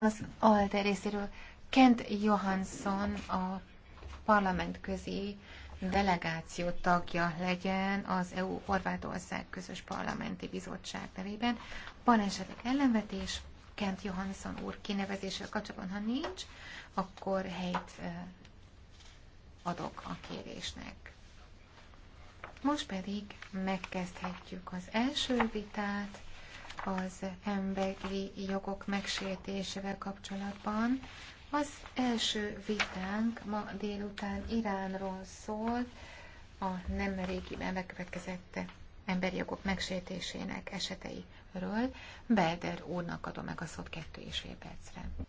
Az ALDE részéről Kent Johansson a parlament közé delegáció tagja legyen az EU Horvátország közös parlamenti bizottság nevében. Van esetleg ellenvetés, Kent Johansson úr kinevezéssel kapcsolatban, ha nincs, akkor helyt adok a kérésnek. Most pedig megkezdhetjük az első vitát az emberi jogok megsértésével kapcsolatban. Az első vitánk ma délután Iránról szól, a nem régiben bekövetkezett emberi jogok megsértésének eseteiről. Belder úrnak adom meg a szót kettő és fél percre.